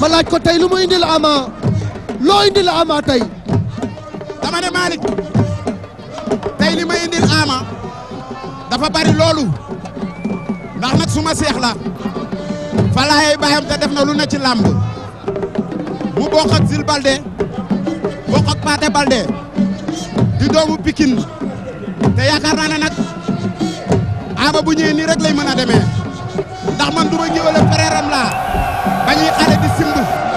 ma laaj ko tey lu mu indil Ama loo indil Ama tey. dama ne Malick tey li ma indil Ama dafa bari loolu ndax nag suma seex la falaayay te def na lu ne ci làmb mu bokk ak Zil Balde bokk ak Paate di doomu Pikine te yaakaar naa ne nag bu ñëwee nii rek lay mën a demee ndax man du ma jiwale frère am dañuy arrêté simb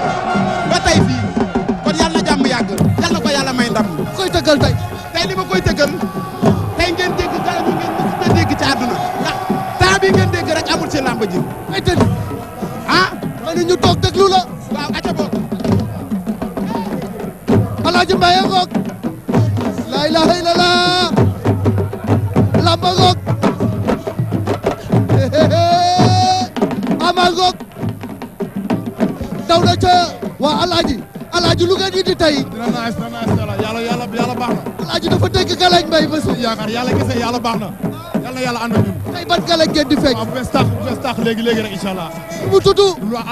nga ca waa alaaji alaaji lu ngeen indi tey dina naaj dina naaj yàlla yàlla yàlla baax na alaaji dafa dégg galañ mbay ba suñu yaakaar yàlla gisee yàlla baax na yàlla yàlla ànd ak ñun tey ban galañ ngeen di fekk waaw bu bees tax bu bees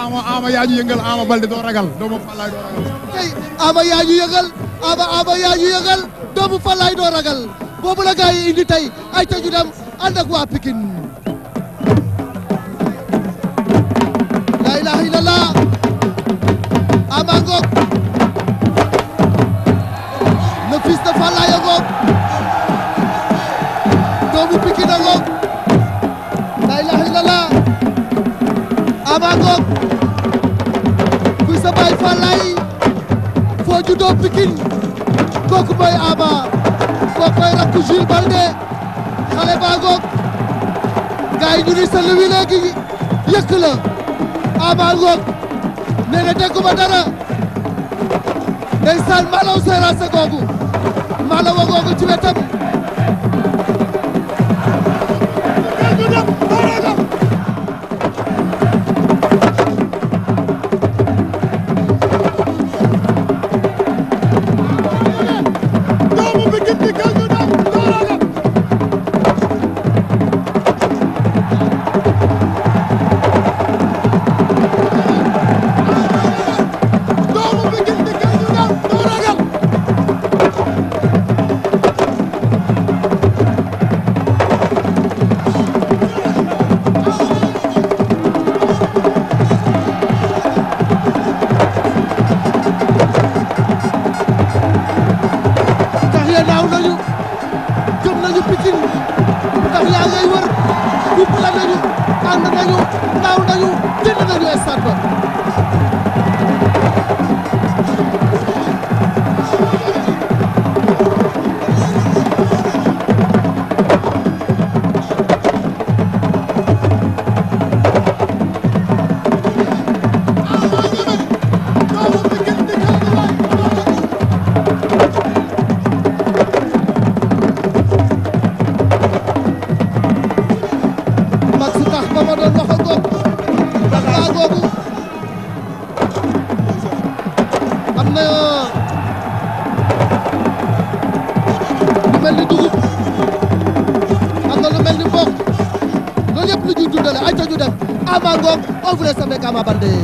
ama ama yaa ama balde doo ragal doomu falaay doo doo ragal boobu la gars ay ta ñu dem ànd ak waa Pikine Daba Ngok le fils de Falaye Ngok doomu Pikine Ngok la ilaha illallah Aba Ngok kuy sa baay Falaye foo juddoo Pikine kooku mooy Aba kookoy rakku Jules Baldé xale ba Ngok gars yi ñu ni sa luwi léegi yëkk la Aba Ngok nee na déggu ma dara ndeysaan Malaw Seras a googu Malaw a googu ci wetam jàppale nañu ànd nañu naaw nañu jënd nañu stade ba Ama Ngok on voulait avec Ama Bandé.